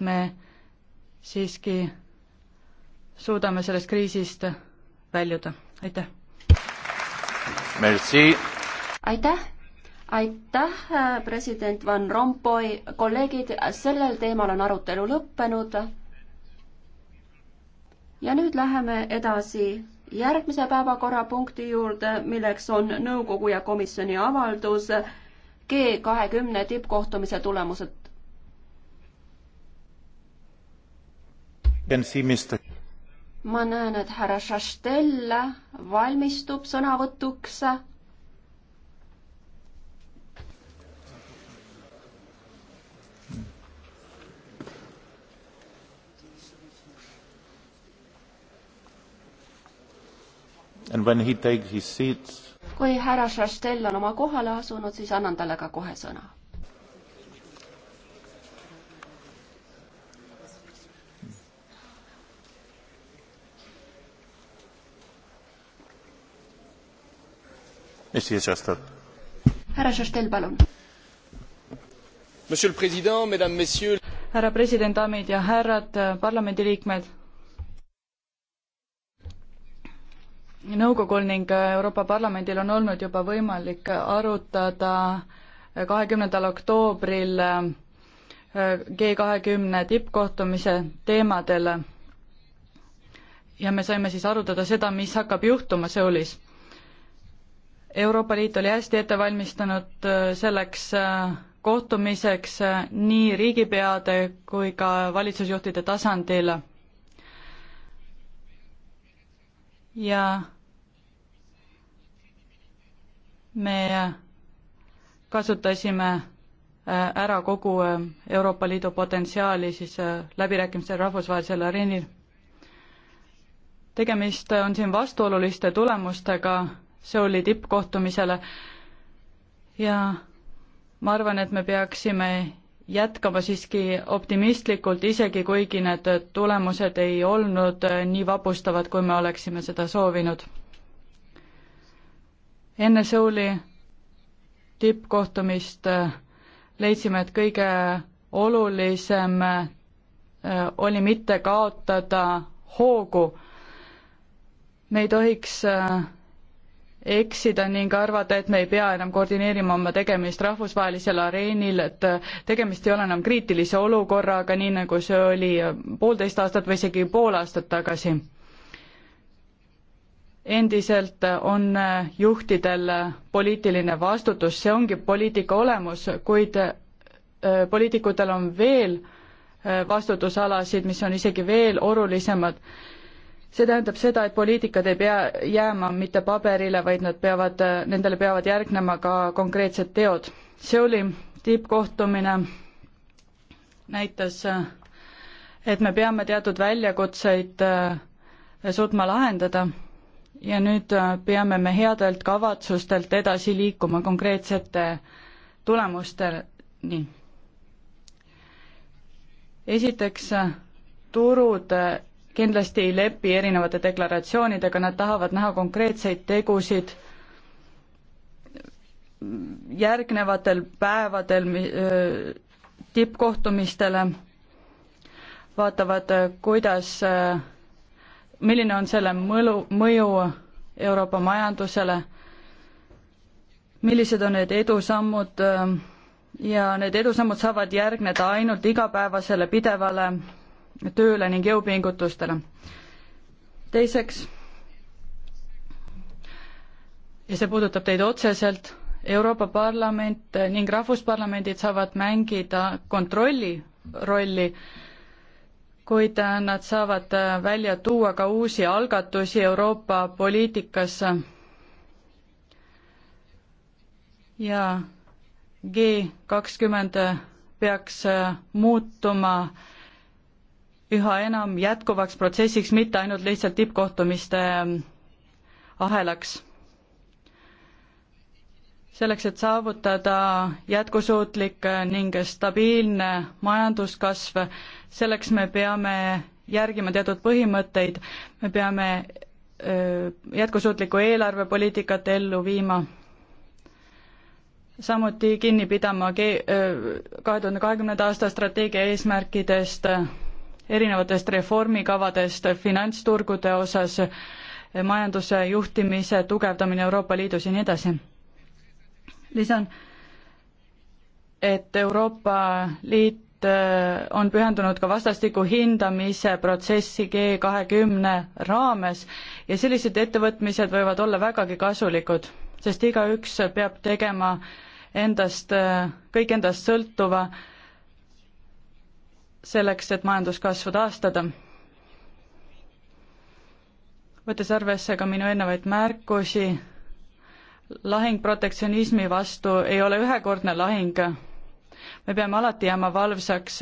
me siiski suudame sellest kriisist väljuda, aitäh! aitäh! aitäh, president Van Rompuy, kolleegid, sellel teemal on arutelu lõppenud. ja nüüd läheme edasi järgmise päevakorrapunkti juurde, milleks on nõukogu ja komisjoni avaldus G kahekümne tippkohtumise tulemused ma näen, et härra Šaštel valmistub sõnavõtuks. Seat... kui härra Šaštel on oma kohale asunud, siis annan talle ka kohe sõna härra Šeštel, palun. härra president, daamid ja härrad, parlamendiliikmed. nõukogul ning Euroopa Parlamendil on olnud juba võimalik arutada kahekümnendal oktoobril äh, G kahekümne tippkohtumise teemadel. ja me saime siis arutada seda, mis hakkab juhtuma Seulis Euroopa Liit oli hästi ette valmistanud äh, selleks äh, kohtumiseks äh, nii riigipeade kui ka valitsusjuhtide tasandil. ja me kasutasime ära kogu Euroopa Liidu potentsiaali siis läbirääkimistel rahvusvahelisel areenil. tegemist on siin vastuoluliste tulemustega Seuli tippkohtumisele ja ma arvan, et me peaksime jätkama siiski optimistlikult, isegi kuigi need tulemused ei olnud äh, nii vapustavad, kui me oleksime seda soovinud. enne Seuli tippkohtumist äh, leidsime, et kõige olulisem äh, oli mitte kaotada hoogu. me ei tohiks eksida ning arvata, et me ei pea enam koordineerima oma tegemist rahvusvahelisel areenil, et tegemist ei ole enam kriitilise olukorraga, nii nagu see oli poolteist aastat või isegi pool aastat tagasi. endiselt on juhtidel poliitiline vastutus, see ongi poliitika olemus, kuid äh, poliitikutel on veel äh, vastutusalasid, mis on isegi veel olulisemad see tähendab seda, et poliitikad ei pea jääma mitte paberile, vaid nad peavad, nendele peavad järgnema ka konkreetsed teod. see oli tippkohtumine, näitas, et me peame teatud väljakutseid äh, suutma lahendada ja nüüd äh, peame me headelt kavatsustelt edasi liikuma konkreetsete tulemusteni. esiteks, turud kindlasti ei lepi erinevate deklaratsioonidega, nad tahavad näha konkreetseid tegusid järgnevatel päevadel tippkohtumistele, vaatavad, kuidas, milline on selle mõlu, mõju Euroopa majandusele, millised on need edusammud ja need edusammud saavad järgneda ainult igapäevasele pidevale tööle ning jõupingutustele. teiseks, ja see puudutab teid otseselt, Euroopa Parlament ning rahvusparlamendid saavad mängida kontrolli rolli, kuid nad saavad välja tuua ka uusi algatusi Euroopa poliitikasse. ja G kakskümmend peaks muutuma äh, üha enam jätkuvaks protsessiks, mitte ainult lihtsalt tippkohtumiste ähm, ahelaks. selleks, et saavutada jätkusuutlik äh, ning stabiilne majanduskasv, selleks me peame järgima teatud põhimõtteid, me peame äh, jätkusuutlikku eelarvepoliitikat ellu viima samuti kinni pidama äh, kahe tuhande kahekümnenda aasta strateegia eesmärkidest erinevatest reformikavadest finantsturgude osas, majanduse juhtimise tugevdamine Euroopa Liidus ja nii edasi. lisan, et Euroopa Liit äh, on pühendunud ka vastastiku hindamise protsessi G kahekümne raames ja sellised ettevõtmised võivad olla vägagi kasulikud, sest igaüks peab tegema endast, äh, kõik endast sõltuva selleks, et majanduskasvu taastada. võttes arvesse ka minu eelnevaid märkusi, lahing protektsionismi vastu ei ole ühekordne lahing. me peame alati jääma valvsaks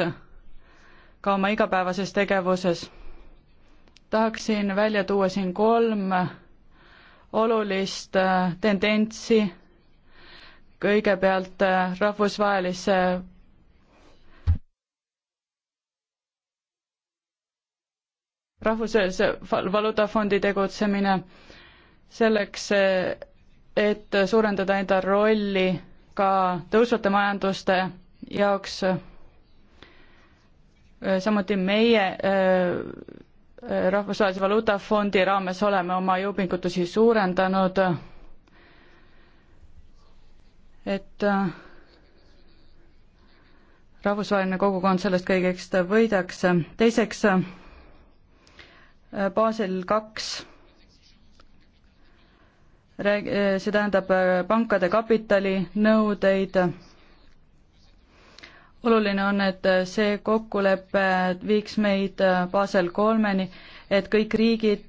ka oma igapäevases tegevuses. tahaksin välja tuua siin kolm olulist äh, tendentsi, kõigepealt äh, rahvusvahelise rahvusvahelise valuutafondi tegutsemine selleks, et suurendada enda rolli ka tõusvate majanduste jaoks, samuti meie rahvusvahelise valuutafondi raames oleme oma jõupingutusi suurendanud, et rahvusvaheline kogukond sellest kõigest võidaks. teiseks Äh, Basel kaks rääg-, äh, see tähendab äh, pankade kapitalinõudeid. oluline on, et see kokkulepe viiks meid Basel kolmeni, et kõik riigid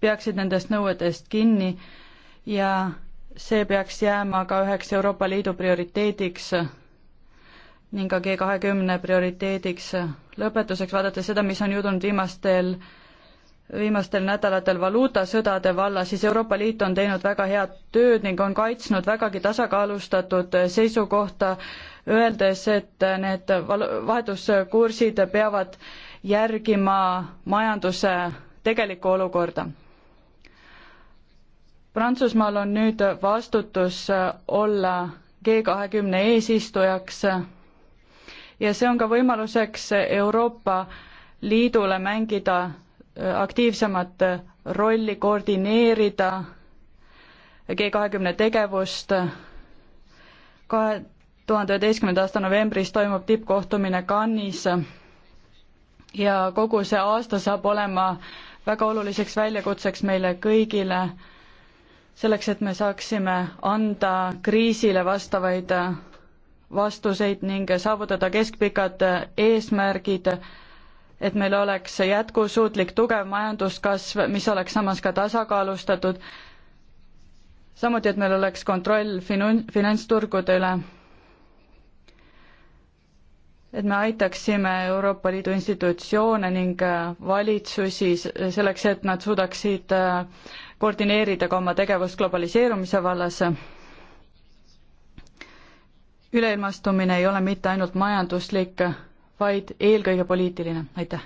peaksid nendest nõuetest kinni ja see peaks jääma ka üheks Euroopa Liidu prioriteediks ning ka G kahekümne prioriteediks lõpetuseks, vaadates seda, mis on juhtunud viimastel viimastel nädalatel valuutasõdade vallas, siis Euroopa Liit on teinud väga head tööd ning on kaitsnud vägagi tasakaalustatud seisukohta, öeldes, et need val-, vahetuskursid peavad järgima majanduse tegelikku olukorda. Prantsusmaal on nüüd vastutus olla G kahekümne eesistujaks ja see on ka võimaluseks Euroopa Liidule mängida äh, aktiivsemat äh, rolli, koordineerida äh, G kahekümne tegevust. kahe tuhande üheteistkümnenda aasta novembris toimub tippkohtumine Cannes'is ja kogu see aasta saab olema väga oluliseks väljakutseks meile kõigile, selleks et me saaksime anda kriisile vastavaid vastuseid ning saavutada keskpikad eesmärgid, et meil oleks jätkusuutlik tugev majanduskasv, mis oleks samas ka tasakaalustatud, samuti, et meil oleks kontroll finun-, finantsturgude üle. et me aitaksime Euroopa Liidu institutsioone ning valitsusi selleks, et nad suudaksid koordineerida ka oma tegevust globaliseerumise vallas üleilmastumine ei ole mitte ainult majanduslik, vaid eelkõige poliitiline, aitäh.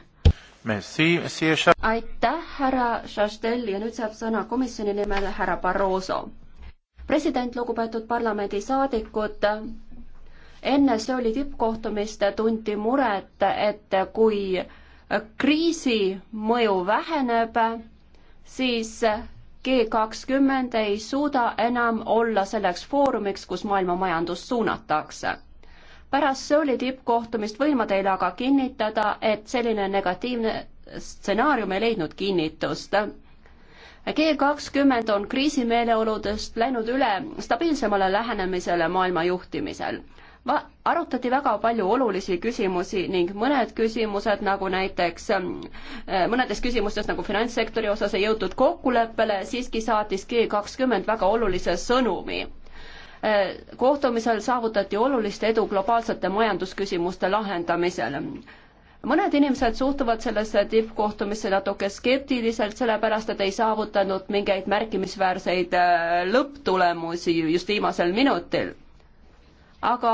aitäh, härra Šaštel ja nüüd saab sõna komisjoni nimel härra Barroso. president, lugupeetud parlamendisaadikud, enne Seuli tippkohtumist tunti muret, et kui kriisi mõju väheneb, siis G kakskümmend ei suuda enam olla selleks foorumiks, kus maailma majandust suunatakse. pärast Seuli tippkohtumist võin ma teile aga kinnitada, et selline negatiivne stsenaarium ei leidnud kinnitust. G kakskümmend on kriisimeeleoludest läinud üle stabiilsemale lähenemisele maailma juhtimisel arutati väga palju olulisi küsimusi ning mõned küsimused, nagu näiteks, ähm, äh, mõnedes küsimustes nagu finantssektori osas ei jõutud kokkuleppele, siiski saatis G kakskümmend väga olulise sõnumi. Äh, kohtumisel saavutati olulist edu globaalsete majandusküsimuste lahendamisel mõned inimesed suhtuvad sellesse tippkohtumisse natuke skeptiliselt, sellepärast et ei saavutanud mingeid märkimisväärseid äh, lõpptulemusi just viimasel minutil aga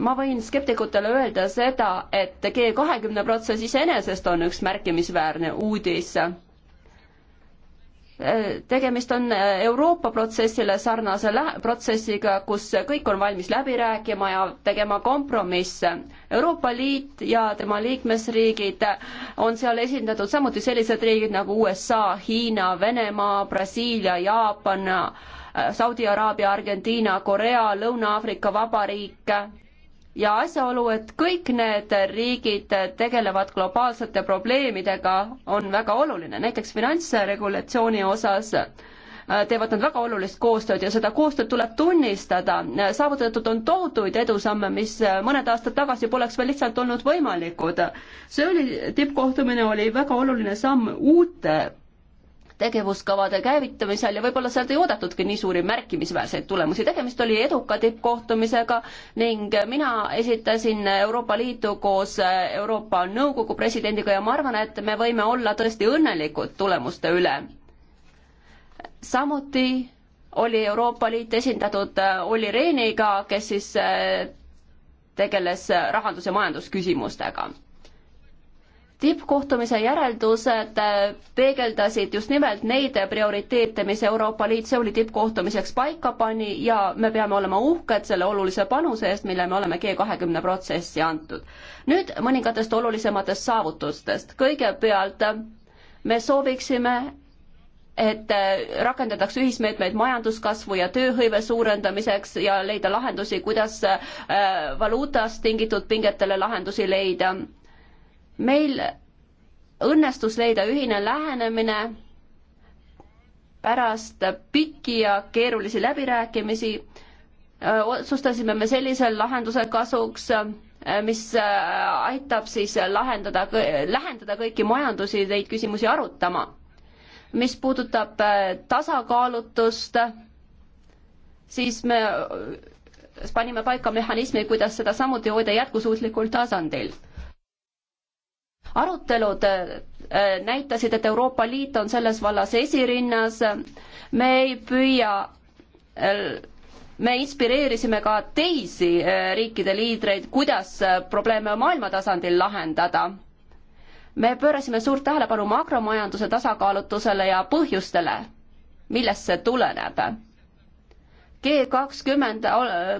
ma võin skeptikutele öelda seda, et G kahekümne protsess iseenesest on üks märkimisväärne uudis. tegemist on Euroopa protsessile sarnase protsessiga, kus kõik on valmis läbi rääkima ja tegema kompromisse. Euroopa Liit ja tema liikmesriigid on seal esindatud, samuti sellised riigid nagu USA, Hiina, Venemaa, Brasiilia, Jaapan Äh, Saudi Araabia, Argentiina, Korea, Lõuna-Aafrika Vabariik ja asjaolu, et kõik need riigid tegelevad globaalsete probleemidega, on väga oluline, näiteks finantsregulatsiooni osas äh, teevad nad väga olulist koostööd ja seda koostööd tuleb tunnistada. saavutatud on tohutuid edusamme, mis mõned aastad tagasi poleks veel lihtsalt olnud võimalikud. see oli, tippkohtumine oli väga oluline samm uute tegevuskavade käivitamisel ja võib-olla sealt ei oodatudki nii suuri märkimisväärseid tulemusi. tegemist oli eduka tippkohtumisega ning mina esitasin Euroopa Liitu koos Euroopa Nõukogu presidendiga ja ma arvan, et me võime olla tõesti õnnelikud tulemuste üle. samuti oli Euroopa Liit esindatud Olli Rehniga, kes siis tegeles rahandus- ja majandusküsimustega tippkohtumise järeldused äh, peegeldasid just nimelt neid prioriteete, mis Euroopa Liit Seuli tippkohtumiseks paika pani ja me peame olema uhked selle olulise panuse eest, mille me oleme G kahekümne protsessi antud. nüüd mõningatest olulisematest saavutustest. kõigepealt äh, me sooviksime, et äh, rakendatakse ühismeetmeid majanduskasvu ja tööhõive suurendamiseks ja leida lahendusi, kuidas valuutast tingitud pingetele lahendusi leida meil õnnestus leida ühine lähenemine pärast pikki ja keerulisi läbirääkimisi otsustasime me sellise lahenduse kasuks, mis aitab siis lahendada, lähendada kõiki majandusi neid küsimusi arutama. mis puudutab tasakaalutust, siis me panime paika mehhanismi, kuidas seda samuti hoida jätkusuutlikul tasandil arutelud äh, näitasid, et Euroopa Liit on selles vallas esirinnas. me ei püüa, äh, me inspireerisime ka teisi äh, riikide liidreid, kuidas probleeme maailma tasandil lahendada. me pöörasime suurt tähelepanu makromajanduse tasakaalutusele ja põhjustele, millest see tuleneb G kakskümmend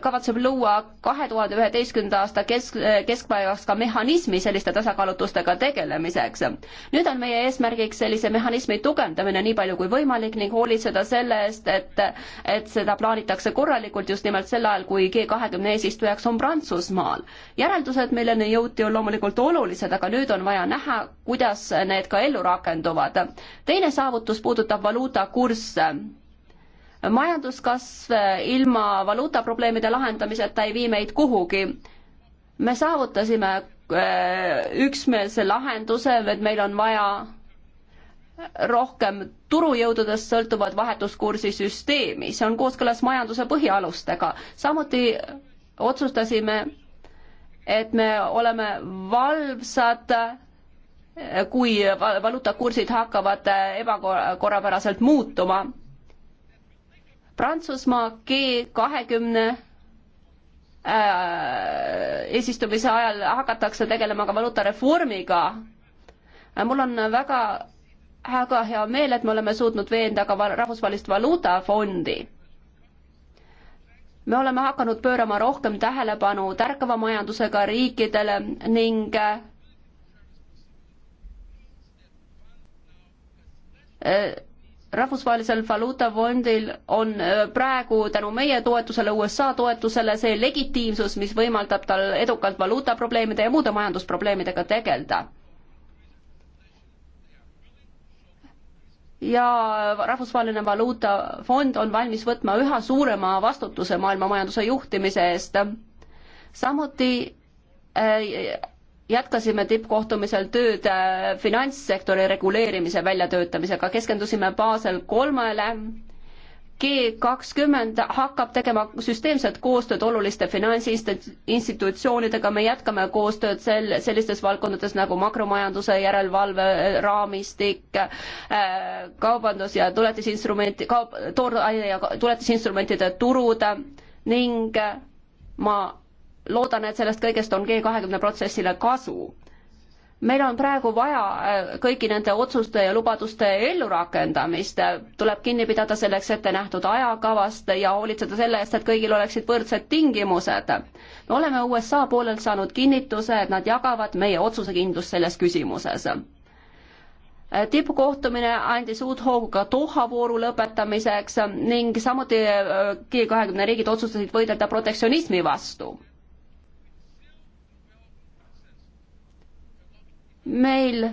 kavatseb luua kahe tuhande üheteistkümnenda aasta kesk, keskpaigaks ka mehhanismi selliste tasakaalutustega tegelemiseks. nüüd on meie eesmärgiks sellise mehhanismi tugevdamine nii palju kui võimalik ning hoolitseda selle eest, et, et seda plaanitakse korralikult just nimelt sel ajal, kui G kahekümne eesistujaks on Prantsusmaal. järeldused, milleni jõuti, on loomulikult olulised, aga nüüd on vaja näha, kuidas need ka ellu rakenduvad. teine saavutus puudutab valuutakursse majanduskasv ilma valuutaprobleemide lahendamiseta ei vii meid kuhugi. me saavutasime äh, üksmeelse lahenduse, et meil on vaja rohkem turujõududest sõltuvat vahetuskursi süsteemi, see on kooskõlas majanduse põhialustega. samuti otsustasime, et me oleme valvsad, kui valuutakursid hakkavad ebakorrapäraselt muutuma Prantsusmaa G kahekümne äh, eesistumise ajal hakatakse tegelema ka valuutareformiga. Äh, mul on väga, väga hea meel, et me oleme suutnud veenda ka Rahvusvahelist Valuutafondi. me oleme hakanud pöörama rohkem tähelepanu tärkava majandusega riikidele ning äh, rahvusvahelisel valuutafondil on äh, praegu tänu meie toetusele, USA toetusele see legitiimsus, mis võimaldab tal edukalt valuutaprobleemide ja muude majandusprobleemidega tegeleda. ja Rahvusvaheline Valuutafond on valmis võtma üha suurema vastutuse maailma majanduse juhtimise eest. samuti äh, jätkasime tippkohtumisel tööd äh, finantssektori reguleerimise väljatöötamisega, keskendusime Basel kolmele. G kakskümmend hakkab tegema süsteemset koostööd oluliste finantsinstitutsioonidega, me jätkame koostööd sel, sellistes valdkondades nagu makromajanduse järelevalve äh, raamistik, äh, kaubandus ja tuletisinstrumenti, kaup, tooraine ja tuletisinstrumentide turud ning ma loodan, et sellest kõigest on G kahekümne protsessile kasu. meil on praegu vaja äh, kõigi nende otsuste ja lubaduste ellurakendamist, tuleb kinni pidada selleks ette nähtud ajakavast ja hoolitseda selle eest, et kõigil oleksid võrdsed tingimused. me oleme USA poolelt saanud kinnituse, et nad jagavad meie otsusekindlust selles küsimuses äh, tippkohtumine andis uut hoogu ka Doha vooru lõpetamiseks ning samuti äh, G20 riigid otsustasid võidelda protektsionismi vastu. meil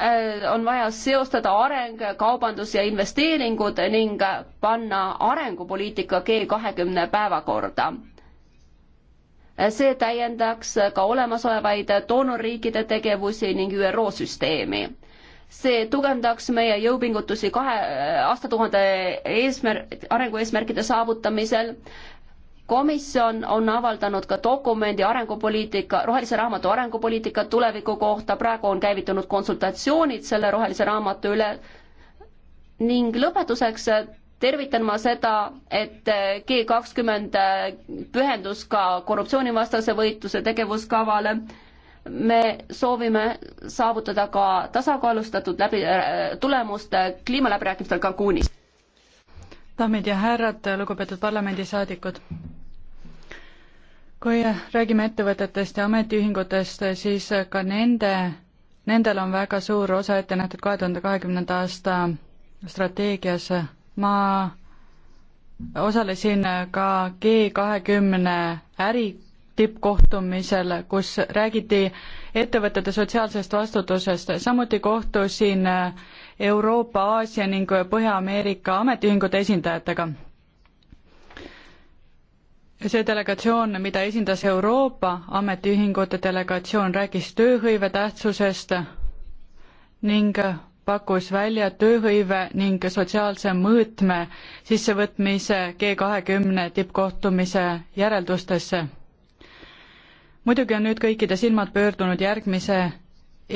äh, on vaja seostada areng, kaubandus ja investeeringud ning panna arengupoliitika G kahekümne päevakorda. see täiendaks ka olemasolevaid doonorriikide tegevusi ning ÜRO süsteemi. see tugevdaks meie jõupingutusi kahe aastatuhande eesmärk, arengueesmärkide saavutamisel komisjon on avaldanud ka dokumendi arengupoliitika, rohelise raamatu arengupoliitika tuleviku kohta, praegu on käivitunud konsultatsioonid selle rohelise raamatu üle ning lõpetuseks tervitan ma seda, et G kakskümmend pühendus ka korruptsioonivastase võitluse tegevuskavale. me soovime saavutada ka tasakaalustatud läbi, äh, tulemust kliimaläbirääkimistel Cancunis. daamid ja härrad, lugupeetud parlamendisaadikud kui räägime ettevõtetest ja ametiühingutest, siis ka nende, nendel on väga suur osa ette nähtud kahe tuhande kahekümnenda aasta strateegias. ma osalesin ka G kahekümne äri tippkohtumisel, kus räägiti ettevõtete sotsiaalsest vastutusest, samuti kohtusin Euroopa, Aasia ning Põhja-Ameerika ametiühingute esindajatega see delegatsioon, mida esindas Euroopa Ametiühingute delegatsioon, rääkis tööhõive tähtsusest ning pakkus välja tööhõive ning sotsiaalse mõõtme sissevõtmise G kahekümne tippkohtumise järeldustesse. muidugi on nüüd kõikide silmad pöördunud järgmise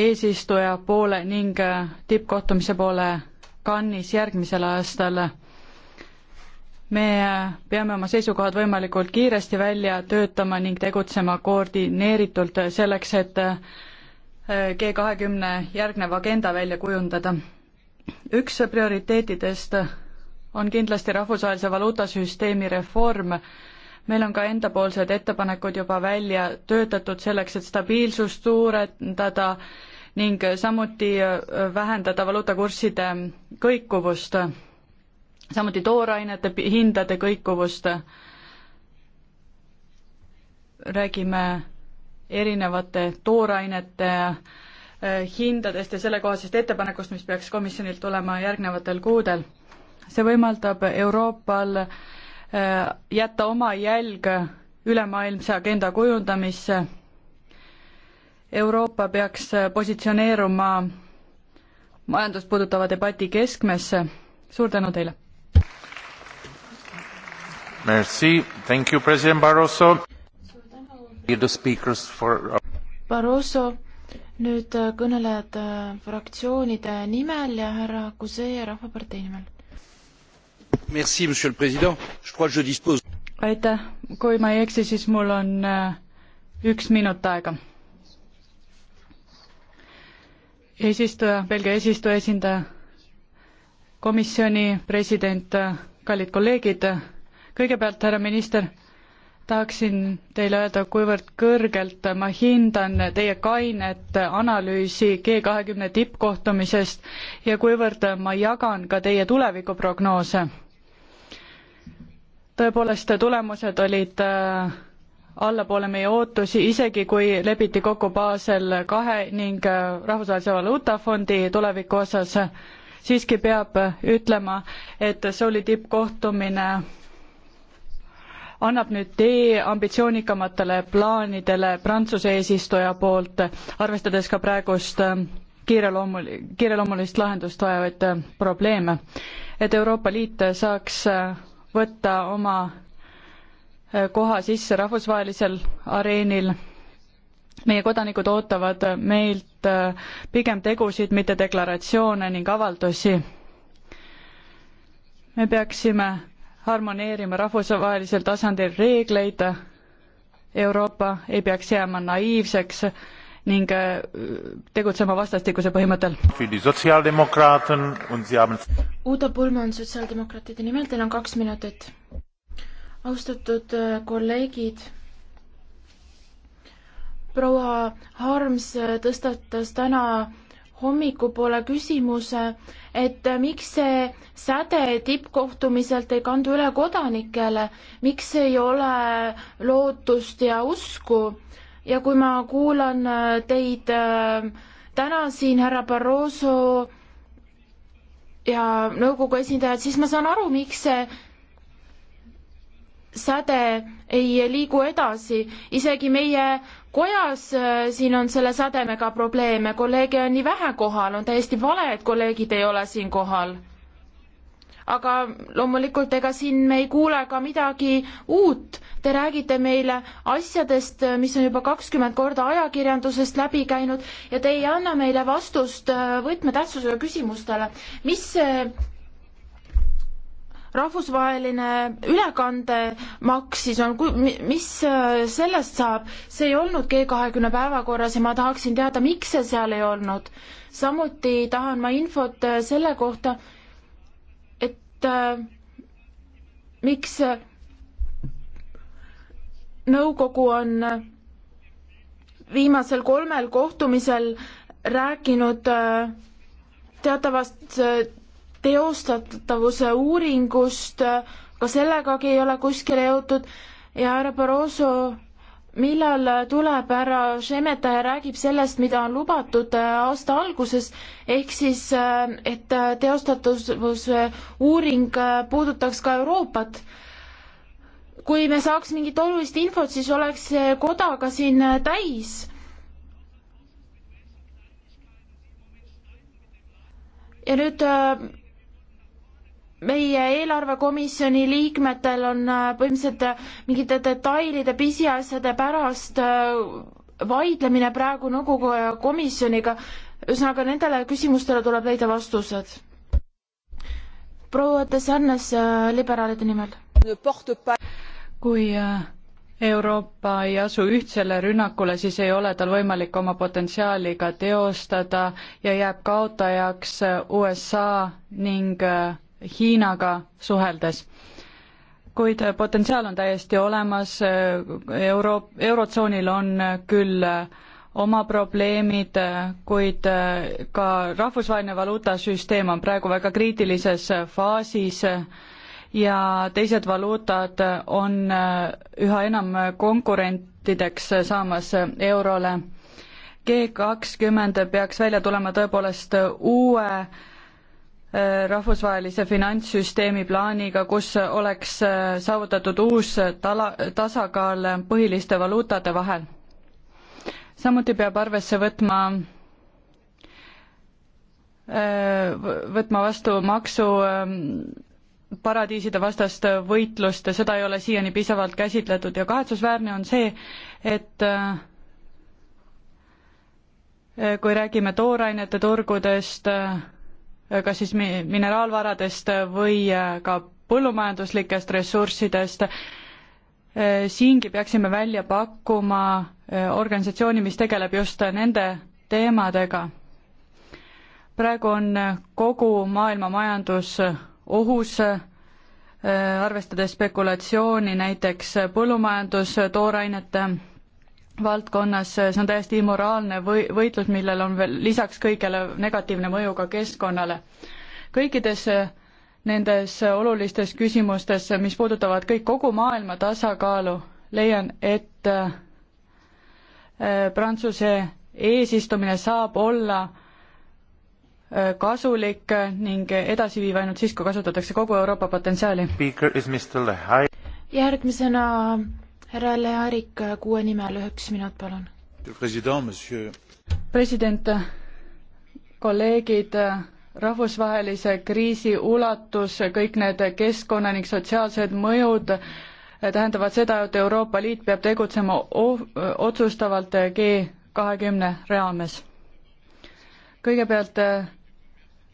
eesistuja poole ning tippkohtumise poole Cannes'is järgmisel aastal me peame oma seisukohad võimalikult kiiresti välja töötama ning tegutsema koordineeritult selleks, et äh, G kahekümne järgnev agenda välja kujundada. üks prioriteetidest on kindlasti rahvusvahelise valuutasüsteemi reform. meil on ka endapoolsed ettepanekud juba välja töötatud selleks, et stabiilsust suurendada ning samuti äh, vähendada valuutakursside kõikuvust samuti toorainete hindade kõikuvust. räägime erinevate toorainete äh, hindadest ja sellekohasest ettepanekust, mis peaks komisjonilt tulema järgnevatel kuudel. see võimaldab Euroopal äh, jätta oma jälg ülemaailmse agenda kujundamisse. Euroopa peaks positsioneeruma majandust puudutava debati keskmesse. suur tänu teile! Merci, thank you, president Barroso. For... Uh, Barroso, nüüd äh, kõnelejad äh, fraktsioonide nimel ja härra Kuse Rahvapartei nimel. Merci, monsieur le president, je crois que je dispose. aitäh, kui ma ei eksi, siis mul on äh, üks minut aega eesistuja, Belgia eesistuja esindaja, komisjoni president, kallid kolleegid, kõigepealt, härra minister, tahaksin teile öelda, kuivõrd kõrgelt ma hindan teie kainet analüüsi G kahekümne tippkohtumisest ja kuivõrd ma jagan ka teie tulevikuprognoose. tõepoolest, tulemused olid äh, allapoole meie ootusi, isegi kui lepiti kokku Basel kahe ning äh, Rahvusvahelise Valuutafondi tuleviku osas, siiski peab ütlema, et see oli tippkohtumine annab nüüd tee ambitsioonikamatele plaanidele Prantsuse eesistuja poolt, arvestades ka praegust ähm, kiireloomul-, kiireloomulist lahendust vajavaid äh, probleeme. et Euroopa Liit saaks äh, võtta oma äh, koha sisse rahvusvahelisel areenil, meie kodanikud ootavad meilt pigem tegusid, mitte deklaratsioone ning avaldusi. me peaksime harmoneerima rahvusvahelisel tasandil reegleid. Euroopa ei peaks jääma naiivseks ning äh, tegutsema vastastikuse põhimõttel. Uudo Pulman sotsiaaldemokraatide nimel, teil on kaks minutit. austatud äh, kolleegid, proua Harms äh, tõstatas täna hommikupoole küsimuse, et miks see säde tippkohtumiselt ei kandu üle kodanikele, miks ei ole lootust ja usku ja kui ma kuulan äh, teid äh, täna siin, härra Barroso ja nõukogu esindajad, siis ma saan aru, miks see säde ei liigu edasi, isegi meie kojas äh, siin on selle sädemega probleeme, kolleege on nii vähe kohal, on täiesti vale, et kolleegid ei ole siin kohal. aga loomulikult, ega siin me ei kuule ka midagi uut. Te räägite meile asjadest, äh, mis on juba kakskümmend korda ajakirjandusest läbi käinud ja te ei anna meile vastust äh, võtmetähtsusega küsimustele. mis see rahvusvaheline ülekandemaks siis on, mis äh, sellest saab, see ei olnud G kahekümne päevakorras ja ma tahaksin teada, miks see seal ei olnud. samuti tahan ma infot äh, selle kohta, et äh, miks äh, nõukogu on viimasel kolmel kohtumisel rääkinud äh, teatavast äh, teostatavuse uuringust, ka sellegagi ei ole kuskile jõutud ja härra Barroso, millal tuleb härra Šemeta ja räägib sellest, mida on lubatud äh, aasta alguses, ehk siis, äh, et äh, teostatavuse uuring puudutaks ka Euroopat kui me saaks mingit olulist infot, siis oleks see koda ka siin täis. ja nüüd meie eelarvekomisjoni liikmetel on äh, põhimõtteliselt äh, mingite detailide, pisiasjade pärast äh, vaidlemine praegu nõukogu ja komisjoniga. ühesõnaga, nendele küsimustele tuleb leida vastused. proua Desarnes liberaalide nimel. kui Euroopa ei asu ühtsele rünnakule, siis ei ole tal võimalik oma potentsiaali ka teostada ja jääb kaotajaks USA ning Hiinaga suheldes. kuid potentsiaal on täiesti olemas, euro, eurotsoonil on küll oma probleemid, kuid ka rahvusvaheline valuutasüsteem on praegu väga kriitilises faasis ja teised valuutad on üha enam konkurentideks saamas eurole. G kakskümmend peaks välja tulema tõepoolest uue Äh, rahvusvahelise finantssüsteemi plaaniga, kus oleks äh, saavutatud uus tala, tasakaal põhiliste valuutade vahel. samuti peab arvesse võtma, äh, võtma vastu maksu ähm, paradiiside vastast võitlust ja seda ei ole siiani piisavalt käsitletud ja kahetsusväärne on see, et kui räägime toorainete turgudest, kas siis mineraalvaradest või äh, ka põllumajanduslikest ressurssidest, äh, siingi peaksime välja pakkuma äh, organisatsiooni, mis tegeleb just nende teemadega. praegu on kogu maailma majandus ohus, arvestades spekulatsiooni näiteks põllumajandustoorainete valdkonnas, see on täiesti immoraalne või-, võitlus, millel on veel lisaks kõigele negatiivne mõju ka keskkonnale. kõikides äh, nendes äh, olulistes küsimustes, äh, mis puudutavad kõik kogu maailma tasakaalu, leian, et Prantsuse eesistumine saab olla kasulik ning edasiviiv ainult siis, kui kasutatakse kogu Euroopa potentsiaali. järgmisena härra Learik kuue nimel üheks minut, palun. president, kolleegid, rahvusvahelise kriisi ulatus, kõik need keskkonna ning sotsiaalsed mõjud tähendavad seda, et Euroopa Liit peab tegutsema oh-, otsustavalt G kahekümne raames. kõigepealt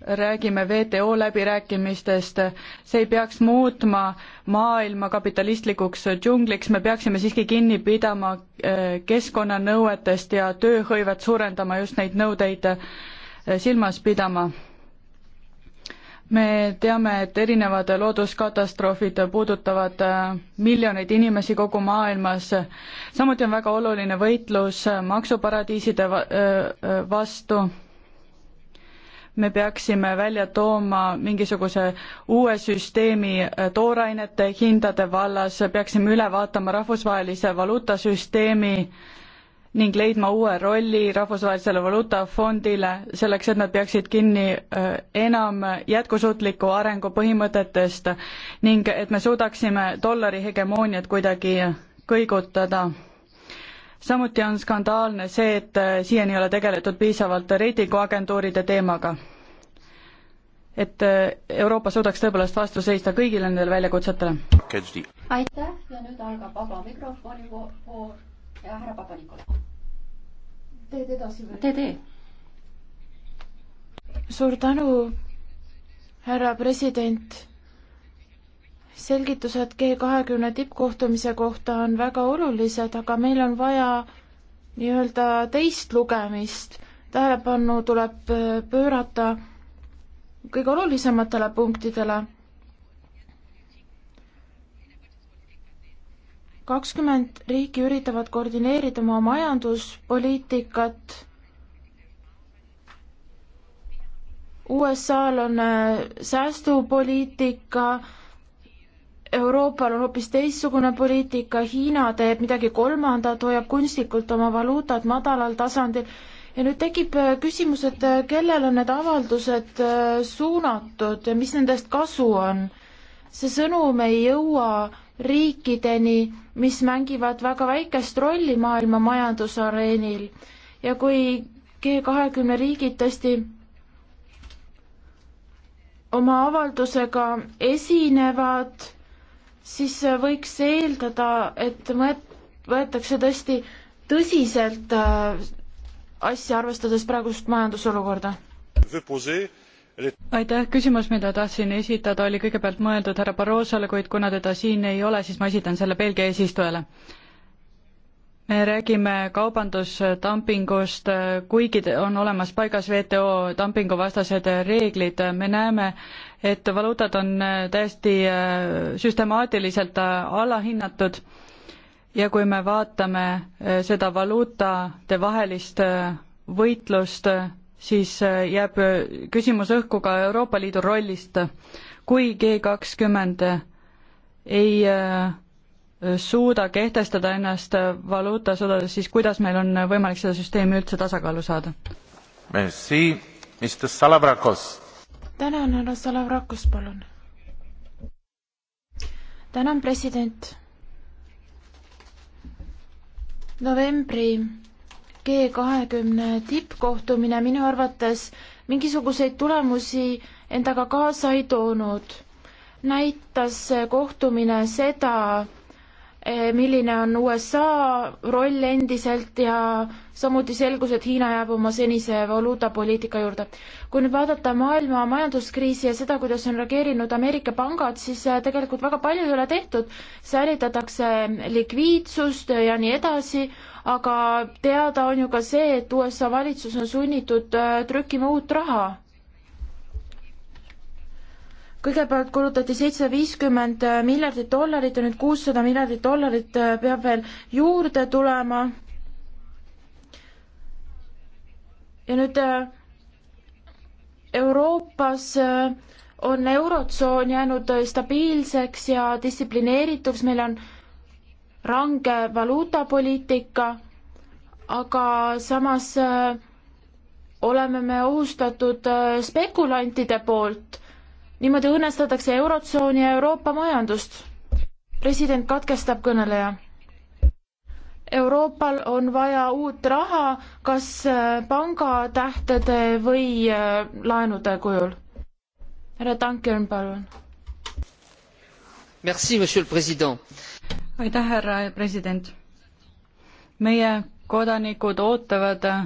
räägime WTO läbirääkimistest, see ei peaks muutma maailma kapitalistlikuks džungliks, me peaksime siiski kinni pidama eh, keskkonnanõuetest ja tööhõivet suurendama, just neid nõudeid eh, silmas pidama. me teame, et erinevad looduskatastroofid puudutavad eh, miljoneid inimesi kogu maailmas, samuti on väga oluline võitlus maksuparadiiside vastu me peaksime välja tooma mingisuguse uue süsteemi eh, toorainete hindade vallas, peaksime üle vaatama rahvusvahelise valuutasüsteemi ning leidma uue rolli Rahvusvahelisele Valuutafondile selleks, et nad peaksid kinni eh, enam jätkusuutliku arengu põhimõtetest ning et me suudaksime dollari hegemooniat kuidagi kõigutada samuti on skandaalne see, et äh, siiani ei ole tegeletud piisavalt reitinguagentuuride teemaga. et äh, Euroopa suudaks tõepoolest vastu seista kõigile nendele väljakutsetele. aitäh ja nüüd algab vaba mikrofoni voor ja härra Papanikov. Teed edasi või? tee, tee. suur tänu, härra president selgitused G kahekümne tippkohtumise kohta on väga olulised, aga meil on vaja nii-öelda teist lugemist. tähelepanu tuleb äh, pöörata kõige olulisematele punktidele. kakskümmend riiki üritavad koordineerida oma majanduspoliitikat. USA-l on äh, säästupoliitika Euroopal on hoopis teistsugune poliitika, Hiina teeb midagi kolmandat, hoiab kunstlikult oma valuutat madalal tasandil ja nüüd tekib äh, küsimus, et äh, kellele on need avaldused äh, suunatud ja mis nendest kasu on? see sõnum ei jõua riikideni, mis mängivad väga väikest rolli maailma majandusareenil ja kui G kahekümne riigid tõesti oma avaldusega esinevad siis äh, võiks eeldada, et võetakse tõesti tõsiselt äh, asja, arvestades praegust majandusolukorda? aitäh, küsimus, mida tahtsin esitada, oli kõigepealt mõeldud härra Barrosole, kuid kuna teda siin ei ole, siis ma esitan selle Belgia eesistujale me räägime kaubandusdumpingust, kuigi on olemas paigas WTO dumpinguvastased reeglid, me näeme, et valuutad on äh, täiesti äh, süstemaatiliselt äh, alahinnatud ja kui me vaatame seda valuutade vahelist võitlust, siis jääb küsimus õhku ka Euroopa Liidu rollist. kui G kakskümmend ei suuda kehtestada ennast valuutas, siis kuidas meil on võimalik seda süsteemi üldse tasakaalu saada? Merci, Mr Salavrakos. tänan, härra Salavrakos, palun. tänan, president. novembri G kahekümne tippkohtumine minu arvates mingisuguseid tulemusi endaga kaasa ei toonud. näitas kohtumine seda, Eh, milline on USA roll endiselt ja samuti selgus, et Hiina jääb oma senise valuutapoliitika juurde. kui nüüd vaadata maailma majanduskriisi ja seda, kuidas on reageerinud Ameerika pangad, siis eh, tegelikult väga palju ei ole tehtud. säilitatakse likviidsust ja nii edasi, aga teada on ju ka see, et USA valitsus on sunnitud eh, trükkima uut raha kõigepealt kulutati seitsesada viiskümmend äh, miljardit dollarit ja nüüd kuussada miljardit dollarit äh, peab veel juurde tulema. ja nüüd äh, Euroopas on eurotsoon jäänud stabiilseks ja distsiplineerituks, meil on range valuutapoliitika, aga samas oleme me ohustatud spekulantide poolt niimoodi õõnestatakse Eurotsooni ja Euroopa majandust. president katkestab kõneleja. Euroopal on vaja uut raha, kas äh, pangatähtede või äh, laenude kujul? härra Tankern, palun. aitäh, härra president. meie kodanikud ootavad äh,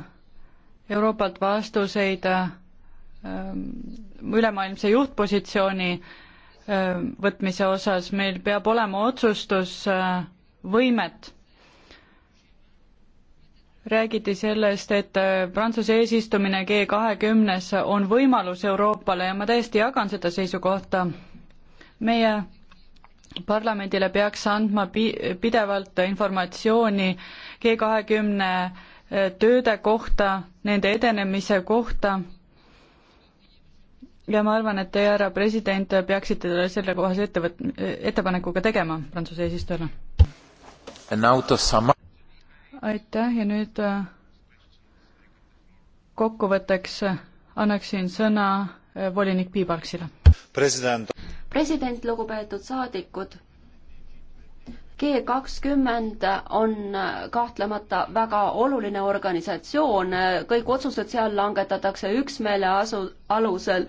Euroopalt vastuseid Ähm, ülemaailmse juhtpositsiooni ähm, võtmise osas, meil peab olema otsustusvõimet. räägiti sellest, et äh, Prantsuse eesistumine G kahekümnes on võimalus Euroopale ja ma täiesti jagan seda seisukohta. meie parlamendile peaks andma pi-, pidevalt informatsiooni G kahekümne äh, tööde kohta, nende edenemise kohta ja ma arvan, et teie, härra president, peaksite sellekohase ettevõt-, ettepaneku ka tegema Prantsuse eesistujale. aitäh ja nüüd äh, kokkuvõtteks äh, annaksin sõna äh, volinik Piibalksile. president, president, lugupeetud saadikud G kakskümmend on kahtlemata väga oluline organisatsioon, kõik otsused seal langetatakse üksmeele asu-, alusel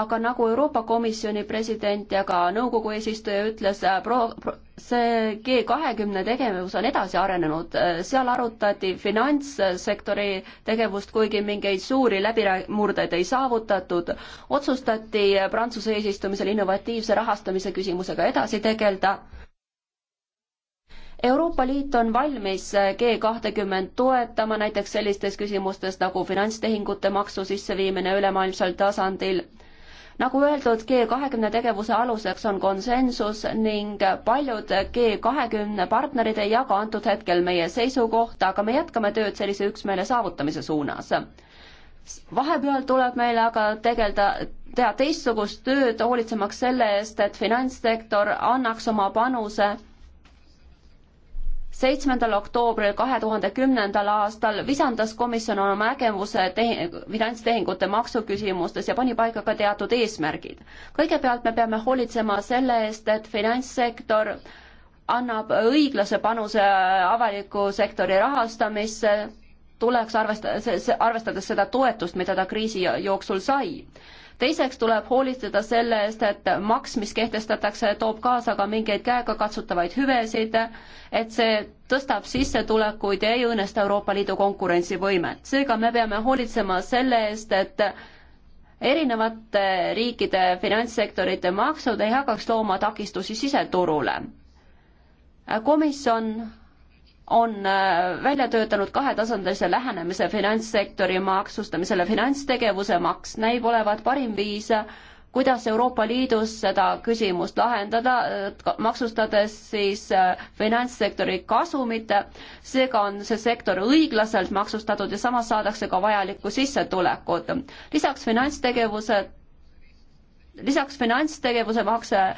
aga nagu Euroopa Komisjoni president ja ka nõukogu eesistuja ütles, äh, pro-, pro-, see G kahekümne tegevus on edasi arenenud, äh, seal arutati finantssektori tegevust, kuigi mingeid suuri läbimurdeid ei saavutatud, otsustati äh, Prantsuse eesistumisel innovatiivse rahastamise küsimusega edasi tegeleda, Euroopa Liit on valmis G kahtekümmend toetama näiteks sellistes küsimustes nagu finantstehingute maksu sisseviimine ülemaailmsel tasandil nagu öeldud, G kahekümne tegevuse aluseks on konsensus ning paljud G kahekümne partnerid ei jaga antud hetkel meie seisukohta, aga me jätkame tööd sellise üksmeele saavutamise suunas. vahepeal tuleb meil aga tegeleda, teha teistsugust tööd, hoolitsemaks selle eest, et finantssektor annaks oma panuse seitsmendal oktoobril kahe tuhande kümnendal aastal visandas komisjon oma nägemuse finantstehingute maksuküsimustes ja pani paika ka teatud eesmärgid. kõigepealt me peame hoolitsema selle eest, et finantssektor annab õiglase panuse avaliku sektori rahastamisse, tuleks arvestada, arvestades seda toetust, mida ta kriisi jooksul sai teiseks tuleb hoolitseda selle eest, et maks, mis kehtestatakse, toob kaasa ka mingeid käegakatsutavaid hüvesid, et see tõstab sissetulekuid ja ei õõnesta Euroopa Liidu konkurentsivõimet. seega me peame hoolitsema selle eest, et erinevate riikide finantssektorite maksud ei hakkaks looma takistusi siseturule. komisjon on äh, välja töötanud kahetasandilise lähenemise finantssektori maksustamisele. finantstegevuse maks näib olevat parim viis, kuidas Euroopa Liidus seda küsimust lahendada, maksustades siis äh, finantssektori kasumit. seega on see sektor õiglaselt maksustatud ja samas saadakse ka vajalikku sissetulekut. lisaks finantstegevuse lisaks finantstegevuse makse äh,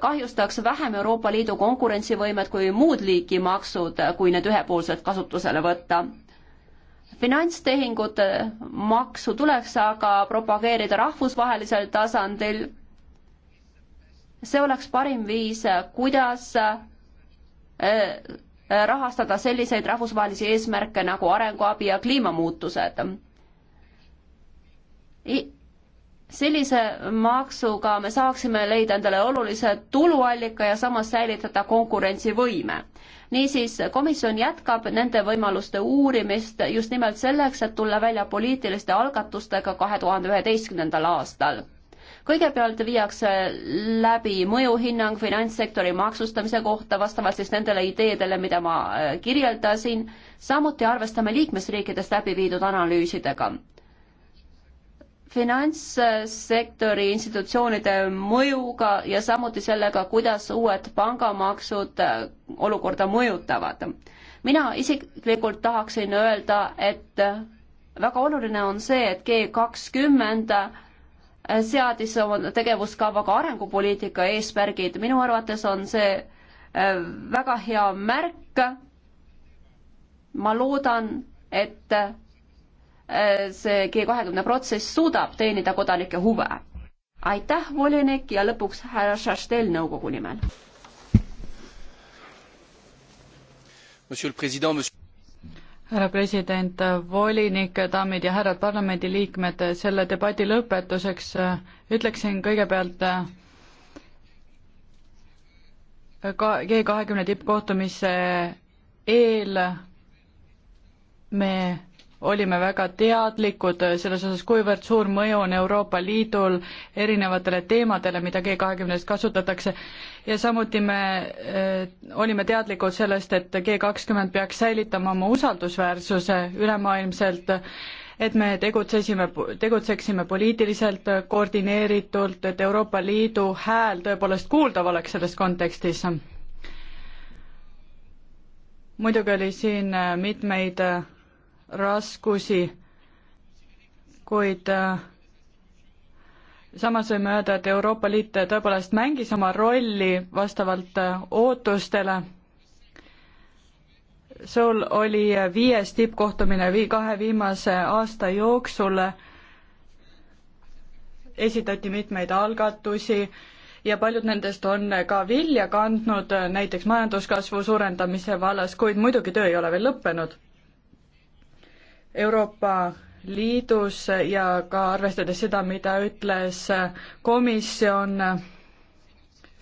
kahjustaks vähem Euroopa Liidu konkurentsivõimet kui muud liiki maksud, kui need ühepoolselt kasutusele võtta. finantstehingute maksu tuleks aga propageerida rahvusvahelisel tasandil. see oleks parim viis, kuidas äh, rahastada selliseid rahvusvahelisi eesmärke nagu arenguabi ja kliimamuutused I sellise maksuga me saaksime leida endale olulise tuluallika ja samas säilitada konkurentsivõime. niisiis, komisjon jätkab nende võimaluste uurimist just nimelt selleks, et tulla välja poliitiliste algatustega kahe tuhande üheteistkümnendal aastal kõigepealt viiakse läbi mõjuhinnang finantssektori maksustamise kohta vastavalt siis nendele ideedele, mida ma äh, kirjeldasin, samuti arvestame liikmesriikides läbi viidud analüüsidega finantssektori institutsioonide mõjuga ja samuti sellega, kuidas uued pangamaksud äh, olukorda mõjutavad. mina isiklikult tahaksin öelda, et väga oluline on see, et G kakskümmend äh, seadis oma tegevuskavaga arengupoliitika eesmärgid, minu arvates on see äh, väga hea märk. ma loodan, et Äh, see G kahekümne protsess suudab teenida kodanike huve. aitäh, volinik ja lõpuks härra Šaštel nõukogu nimel. härra president, volinik, daamid ja härrad parlamendiliikmed, selle debati lõpetuseks äh, ütleksin kõigepealt äh, ka G kahekümne tippkohtumise eel me olime väga teadlikud selles osas, kuivõrd suur mõju on Euroopa Liidul erinevatele teemadele, mida G kahekümnes kasutatakse, ja samuti me äh, olime teadlikud sellest, et G kakskümmend peaks säilitama oma usaldusväärsuse ülemaailmselt, et me tegutsesime, tegutseksime poliitiliselt koordineeritult, et Euroopa Liidu hääl tõepoolest kuuldav oleks selles kontekstis muidugi oli siin äh, mitmeid äh, raskusi, kuid äh, samas võime öelda, et Euroopa Liit tõepoolest mängis oma rolli vastavalt äh, ootustele. sul oli viies tippkohtumine vii-, kahe viimase aasta jooksul, esitati mitmeid algatusi ja paljud nendest on ka vilja kandnud, näiteks majanduskasvu suurendamise vallas, kuid muidugi töö ei ole veel lõppenud Euroopa Liidus ja ka arvestades seda, mida ütles komisjon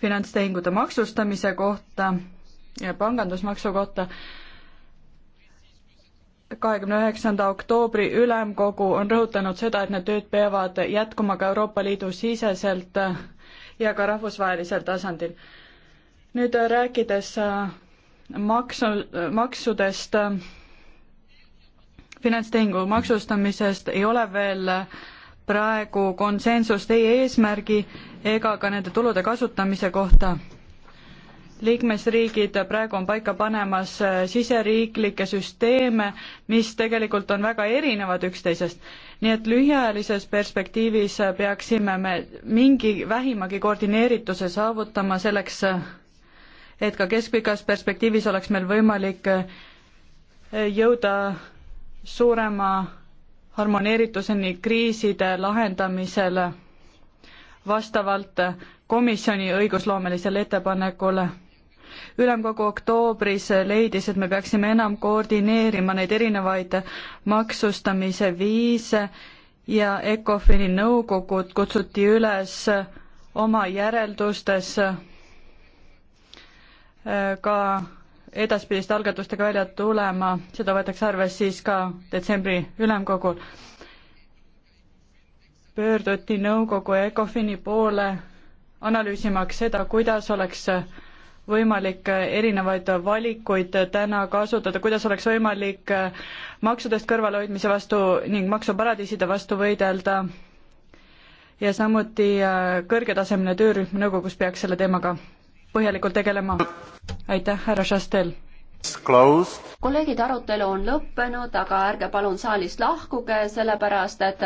finantstehingute maksustamise kohta ja pangandusmaksu kohta, kahekümne üheksanda oktoobri ülemkogu on rõhutanud seda, et need tööd peavad jätkuma ka Euroopa Liidu siseselt ja ka rahvusvahelisel tasandil. nüüd rääkides maksu, maksudest äh, finantstehingu maksustamisest ei ole veel praegu konsensust ei eesmärgi ega ka nende tulude kasutamise kohta. liikmesriigid praegu on paika panemas äh, siseriiklikke süsteeme, mis tegelikult on väga erinevad üksteisest. nii et lühiajalises perspektiivis peaksime me mingi vähimagi koordineerituse saavutama selleks, et ka keskpikas perspektiivis oleks meil võimalik äh, jõuda suurema harmoneerituseni kriiside lahendamisel vastavalt komisjoni õigusloomelisele ettepanekule. ülemkogu oktoobris leidis, et me peaksime enam koordineerima neid erinevaid maksustamise viise ja ECOFIN-i nõukogud kutsuti üles oma järeldustes ka edaspidiste algatustega välja tulema, seda võetakse arvesse siis ka detsembri ülemkogul. pöörduti nõukogu ja ECOFIN-i poole analüüsimaks seda, kuidas oleks võimalik erinevaid valikuid täna kasutada, kuidas oleks võimalik maksudest kõrvalehoidmise vastu ning maksuparadiiside vastu võidelda ja samuti kõrgetasemeline töörühm nõukogus peaks selle teemaga põhjalikult tegelema. aitäh, härra Šastel! kolleegid, arutelu on lõppenud, aga ärge palun saalist lahkuge, sellepärast et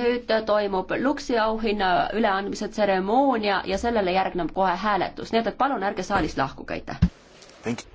nüüd toimub Luksi auhinna üleandmise tseremoonia ja sellele järgneb kohe hääletus, nii et, et palun ärge saalist lahkuge, aitäh!